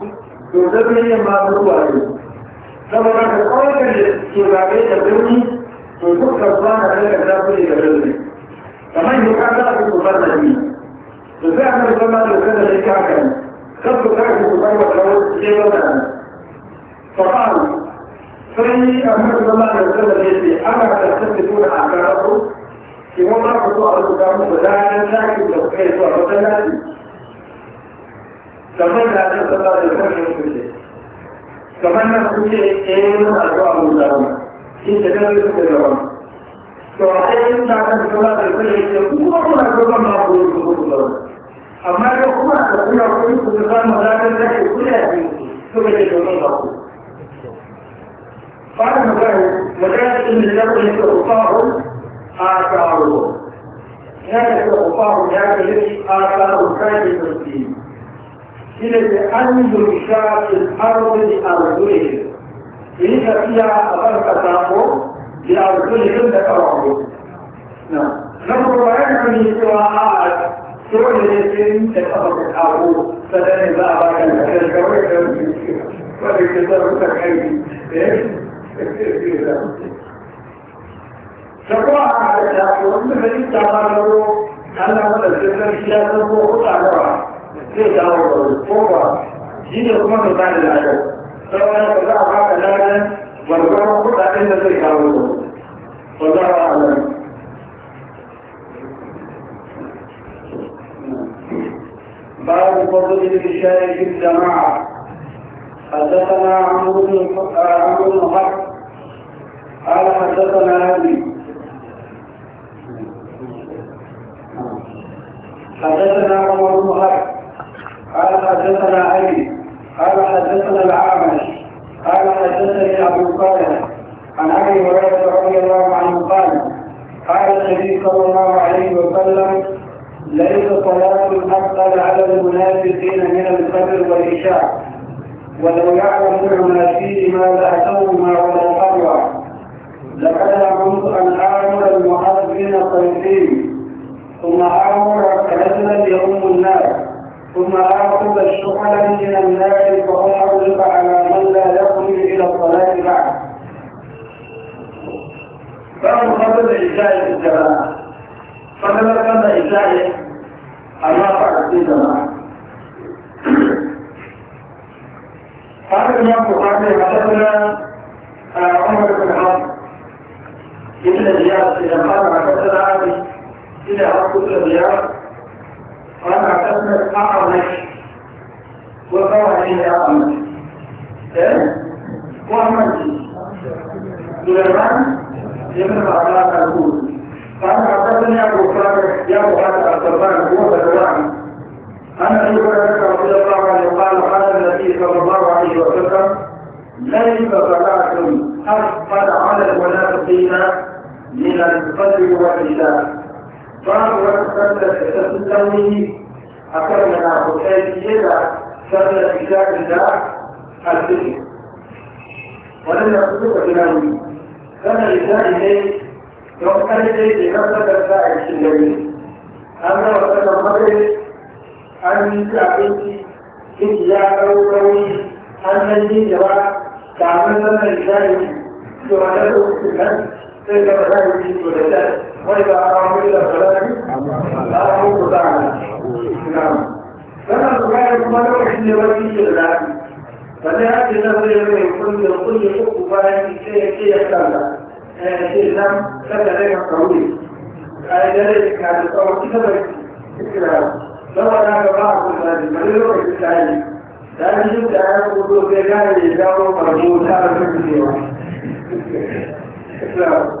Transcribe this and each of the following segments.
to zafi ne ma zuwa ne zama na ka kawai da ke bakai da birni to duk kasuwa na daga zafi da birni kamar yi ka za ku kubar da ni da sai a kan zama da kada da ka kan kan ku ka ku kubar da kawai ce wannan fa'al sai a kan zama da kada da ke ana da tattauna a karatu ki wannan ku so a rubuta muku da nan zaki da kai zuwa masallaci kamar da aka saba da kwanin kuce kamar na kuce ɗayan addu'a mun zama shi da kan yi da yawan to a ɗayan da aka saba da kwanin kuce kuma kuna gaba ma ku yi kuma ku zama amma da kuma a kuna kuma ku ta samu ranar da ke kula da ku suka ce domin ba ku fara magana magana cikin da na kuce ku fa'o a ta'aro ya da ku fa'o ya kalli a ta'aro kai da tsarki إلى أن يشاء الأرض لأرجلهم إذا فيها أبرك تاقو لأرجلهم ذكرهم نعم نمر وينعم سواءات سوى الذين تتبقى الأرض فلن يبقى بك الأرض وينعم فيها وبالكتاب تكحيدي إيش؟ سواء على الأرض فإن تعالوا أنه الذين يشاء الله تعالى zai dawo da kowa shi ne kuma mai ba da ladan sauran ka za a ba da ladan gwargwaron kuɗaɗen da zai dawo da wallahu a'lam باب فضل الشاي في الجماعة حدثنا عمرو بن عمرو بن حق قال حدثنا أبي حدثنا عمر بن حق حدثنا علي قال حدثنا العامش قال حدثني ابو صالح عن ابي هريره رضي الله عنه قال قال النبي صلى الله عليه وسلم ليس صلاة أفضل على المنافقين من الفجر والعشاء ولو يعلمون ما ما لأتوهما ولا قرا لقد امرت أن آمر المؤذن صيفين ثم آمر كنزلا يؤم الناس ثم آخذ الشحنة من النار فهم أغلق على من لا يخرج إلى الصلاة بعد. فهم قبل العشاء في الجماعة فلما فضل العشاء الله فعل في الجماعة قال الإمام البخاري حدثنا آه، عمر بن حرب ابن زياد إذا قال حدثنا علي إلى حق زياد وانا اعتقد اقرب لك وقوى الى اقرب لك واحمد سليمان ابن عباس الكوفي قال حدثني ابو بكر يا ابو بكر الصبان هو بدوان عن ابي هريره رضي الله عنه قال قال النبي صلى الله عليه وسلم ليس صلاه اثقل على المنافقين من القلب واللسان babu wata sallar da ta fi tsauni a kan yana hukai fiye da sallar isha'i da alfini waɗanda suka fi nauyi sallar isha'i ne don ƙarfe ke kan sallar sa a cikin gari an gaba sallar magari an yi abinci ciki ya ɗau nauyi an nan yi gaba kamar sallar isha'i to a nan lokacin nan sai gaba za a yi to da وإذا أقام إلا الصلاة لا يموت دعنا نعم فما تكاد ما نوحي لولي الله فلهذه النظرية من كل كل حب فاهم شيء شيء يحتمل آه، شيء لم كذلك قوي ذلك كان القول كتبت لو أنا بعض الناس ما يروح الثاني لا يجب أن يقولوا في ذلك يجاوب مرجو هذا في الدنيا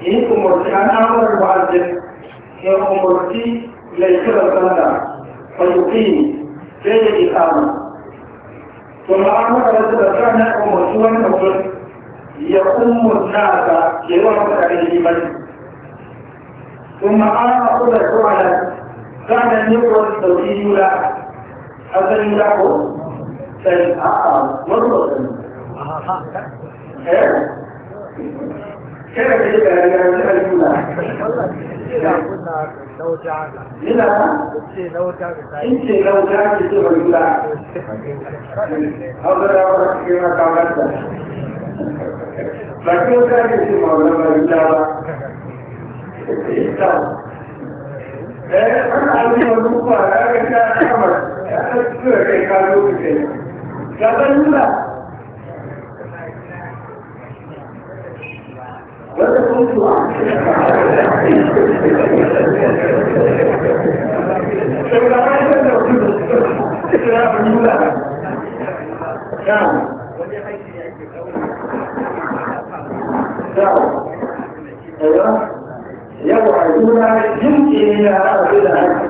yi umarci an amur wa'azin ya umarci mai kiran sallah fa yuqini sai ya ikama to ma an maka da da kana umarci wannan mutum ya ummu nasa ke wa maka da liman ثم أنا أقول لك على كان يقول التوحيد لا أصل لا شيء آخر مرة أها إيه kada ka yi gargajiya na aljuna ina ce na wuta da ce ce aljuna hauzara wa kake ma kawar da ba ke wuta ne ce ma wani ba eh ana duk ba ya ga ta kamar ya ta tura kai ka lokaci ka ban ولا كنت نعم ايوه يوعدون يمكن الى هذا الهدف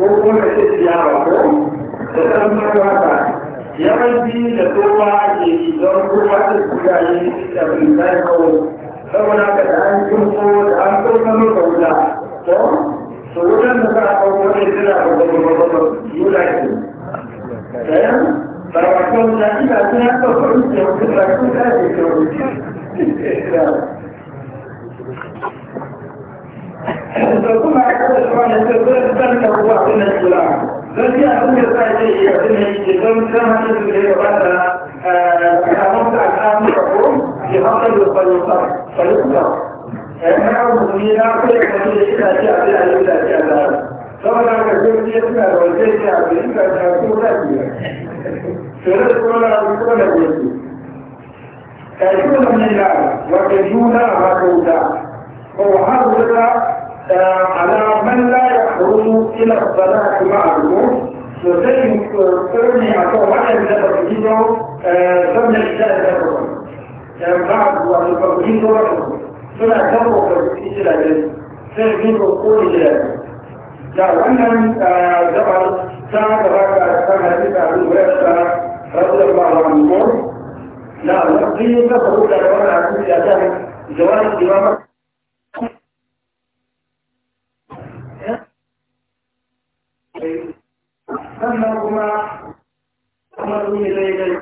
وكل شيء يعرفه تسمى هذا يمشي لتوعد يدور قوه الكليه في الله saboda ka da an kirko da an kirka maka wuta to to wutan da za a kawo wani suna da wani babban yula ke ɗayan barbaton na ina suna kawai da wani barbaton da ke kawai ثم أكبر سبحانه وتعالى ذلك هو سنة الإسلام. ذلك أن يسعى إليه يتم التزام كما تدل إليه بفضل فليقر فليقر فإنه مؤمنا كل قليل إلا جاء بها إلا جاء بها فمن كثير يسمع والبيت يعبد إلا تكون أبيا فيذكر لا على من لا يخرج إلى الصلاة مع الروح وزي قرني أعطوه واحد لدى الفيديو سمي الشاهد بعض والمقربين دورهم suna kan kokarci jiragen sai bin kokoli jiragen da wannan gaba ta gaba ka kan hadisa abin da ya tsara rabuwar ba wa ko na wani ka faru da wani asiri a kan jawabin imama sannan kuma kuma ne zai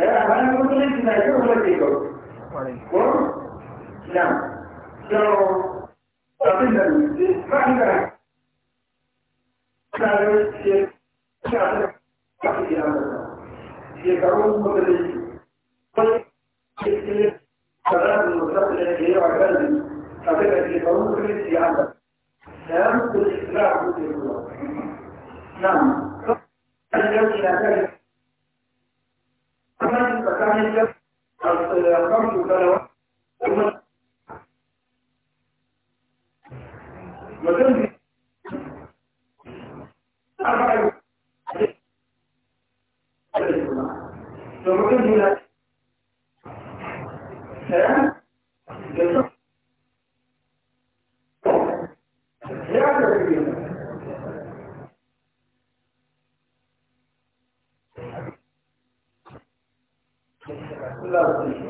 हमारे मुस्लिम मैसेज होने चाहिए ना तो ये करोड़ मुस्लिम सरल मतलब लेके और कर दी अभी करके करोड़ मुस्लिम याद स्वयं कुछ इतना ना तो Mutum sallah